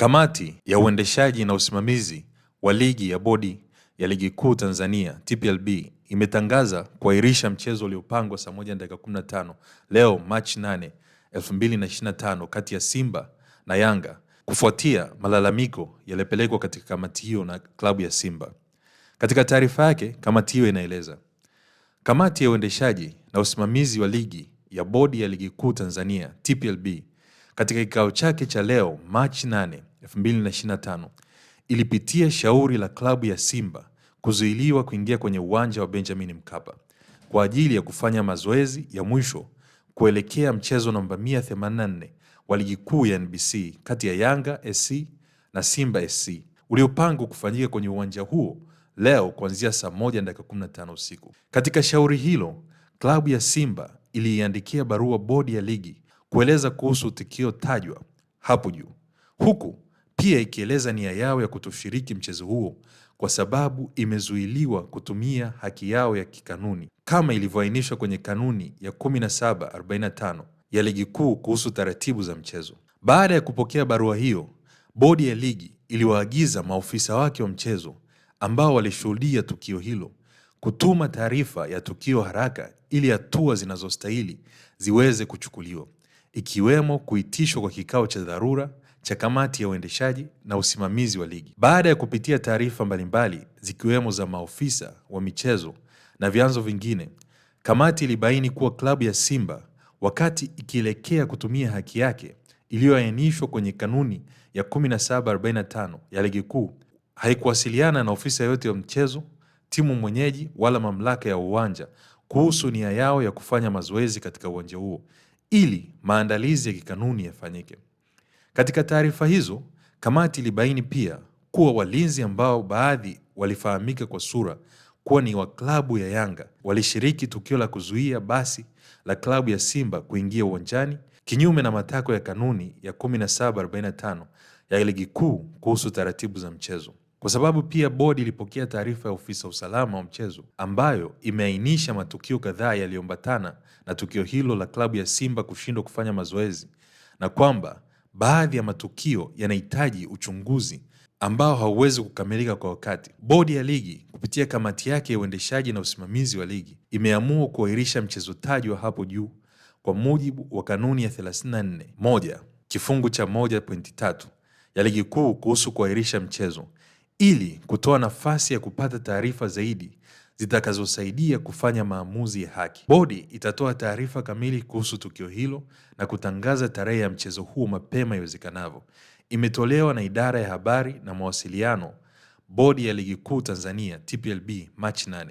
Kamati ya uendeshaji na usimamizi wa ligi ya bodi ya ligi kuu Tanzania TPLB imetangaza kuahirisha mchezo uliopangwa saa moja na dakika 15 leo Machi 8, 2025 kati ya Simba na Yanga kufuatia malalamiko yaliyopelekwa katika kamati hiyo na klabu ya Simba. Katika taarifa yake, kamati hiyo inaeleza kamati ya uendeshaji na usimamizi wa ligi ya bodi ya ligi kuu Tanzania TPLB katika kikao chake cha leo Machi 8 2025 ilipitia shauri la klabu ya Simba kuzuiliwa kuingia kwenye uwanja wa Benjamin Mkapa kwa ajili ya kufanya mazoezi ya mwisho kuelekea mchezo namba 184 wa ligi kuu ya NBC kati ya Yanga SC na Simba SC uliopangwa kufanyika kwenye uwanja huo leo kuanzia saa moja dakika 15 usiku. Katika shauri hilo, klabu ya Simba iliiandikia barua bodi ya ligi kueleza kuhusu tukio tajwa hapo juu, huku pia ikieleza nia yao ya kutoshiriki mchezo huo kwa sababu imezuiliwa kutumia haki yao ya kikanuni kama ilivyoainishwa kwenye kanuni ya 1745 ya ligi kuu kuhusu taratibu za mchezo. Baada ya kupokea barua hiyo, bodi ya ligi iliwaagiza maofisa wake wa mchezo ambao walishuhudia tukio hilo kutuma taarifa ya tukio haraka ili hatua zinazostahili ziweze kuchukuliwa, ikiwemo kuitishwa kwa kikao cha dharura cha kamati ya uendeshaji na usimamizi wa ligi baada ya kupitia taarifa mbalimbali zikiwemo za maofisa wa michezo na vyanzo vingine. Kamati ilibaini kuwa klabu ya Simba wakati ikielekea kutumia haki yake iliyoainishwa kwenye kanuni ya 1745 ya ligi kuu haikuwasiliana na ofisa yoyote wa mchezo, timu mwenyeji wala mamlaka ya uwanja kuhusu nia yao ya kufanya mazoezi katika uwanja huo ili maandalizi ya kikanuni yafanyike. Katika taarifa hizo, kamati ilibaini pia kuwa walinzi ambao baadhi walifahamika kwa sura kuwa ni wa klabu ya Yanga walishiriki tukio la kuzuia basi la klabu ya Simba kuingia uwanjani kinyume na matakwa ya kanuni ya 1745 ya ligi kuu kuhusu taratibu za mchezo. Kwa sababu pia bodi ilipokea taarifa ya ofisa usalama wa mchezo ambayo imeainisha matukio kadhaa yaliyoambatana na tukio hilo la klabu ya Simba kushindwa kufanya mazoezi na kwamba baadhi ya matukio yanahitaji uchunguzi ambao hauwezi kukamilika kwa wakati. Bodi ya ligi kupitia kamati yake ya uendeshaji na usimamizi wa ligi imeamua kuahirisha mchezo tajwa hapo juu kwa mujibu wa kanuni ya 34 moja kifungu cha 1.3 ya ligi kuu kuhusu kuahirisha mchezo ili kutoa nafasi ya kupata taarifa zaidi zitakazosaidia kufanya maamuzi ya haki. Bodi itatoa taarifa kamili kuhusu tukio hilo na kutangaza tarehe ya mchezo huo mapema iwezekanavyo. Imetolewa na idara ya habari na mawasiliano, bodi ya ligi kuu Tanzania TPLB, Machi 8.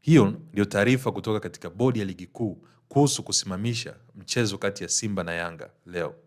Hiyo ndio taarifa kutoka katika bodi ya ligi kuu kuhusu kusimamisha mchezo kati ya Simba na Yanga leo.